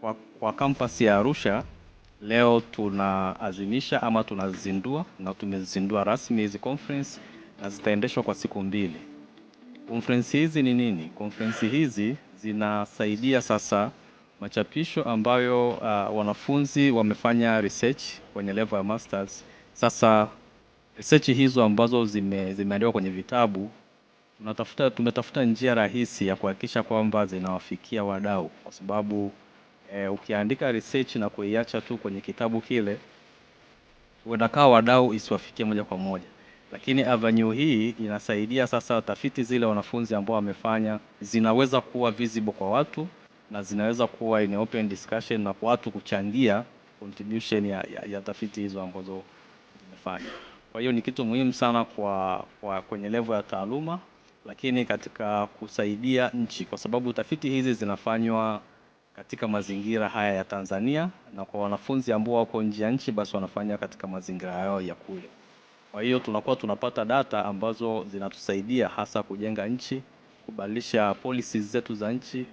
Kwa, kwa kampasi ya Arusha leo tunaazimisha ama tunazindua na tumezindua rasmi hizi conference na zitaendeshwa kwa siku mbili. Conference hizi ni nini? Conference hizi zinasaidia sasa machapisho ambayo uh, wanafunzi wamefanya research kwenye level ya masters. Sasa research hizo ambazo zime, zimeandikwa kwenye vitabu tunatafuta, tumetafuta njia rahisi ya kuhakikisha kwamba zinawafikia wadau kwa sababu E, ukiandika research na kuiacha tu kwenye kitabu kile unakaa wadau isiwafikie moja kwa moja, lakini avenue hii inasaidia sasa tafiti zile wanafunzi ambao wamefanya zinaweza kuwa visible kwa watu na zinaweza kuwa in open discussion na kwa watu kuchangia contribution ya, ya, ya tafiti hizo ambazo zimefanya. Kwa hiyo ni kitu muhimu sana kwa, kwa kwenye level ya taaluma, lakini katika kusaidia nchi kwa sababu tafiti hizi zinafanywa katika mazingira haya ya Tanzania na kwa wanafunzi ambao wako nje ya nchi basi wanafanya katika mazingira yao ya kule. Kwa hiyo tunakuwa tunapata data ambazo zinatusaidia hasa kujenga nchi, kubadilisha policies zetu za nchi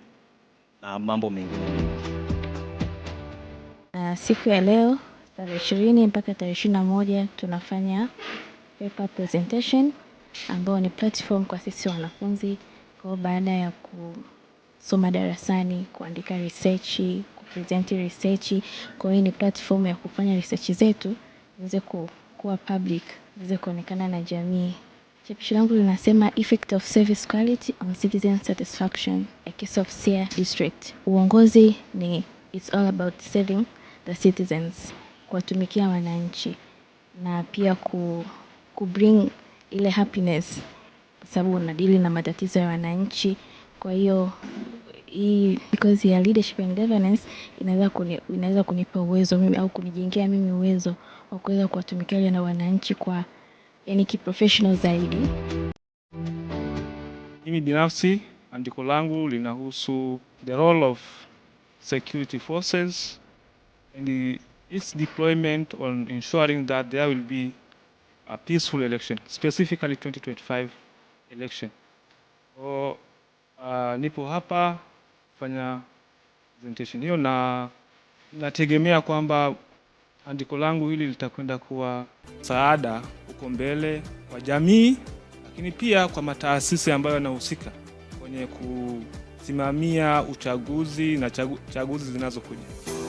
na mambo mengine. Na siku ya leo tarehe ishirini mpaka tarehe ishirini na moja tunafanya paper presentation ambayo ni platform kwa sisi wanafunzi. Kwa baada ya ku kusoma darasani, kuandika researchi, kupresenti research. Kwa hiyo ni platform ya kufanya research zetu, ziweze kuwa public, ziweze kuonekana na jamii. Chapisho langu linasema effect of service quality on citizen satisfaction, a case of Siaya District. Uongozi ni it's all about serving the citizens, kuwatumikia wananchi na pia ku, ku bring ile happiness kwa sababu unadili na matatizo ya wananchi kwa hiyo hii because ya leadership and governance inaweza kuni, inaweza kunipa uwezo mimi au kunijengea mimi uwezo wa kuweza kuwatumikia na wananchi kwa yani kiprofessional zaidi. Mimi binafsi andiko langu linahusu the role of security forces and the, its deployment on ensuring that there will be a peaceful election, specifically 2025 election. Oh, uh, nipo hapa kufanya presentation hiyo, na nategemea kwamba andiko langu hili litakwenda kuwa msaada huko mbele kwa jamii, lakini pia kwa mataasisi ambayo yanahusika kwenye kusimamia uchaguzi na chagu, chaguzi zinazokuja.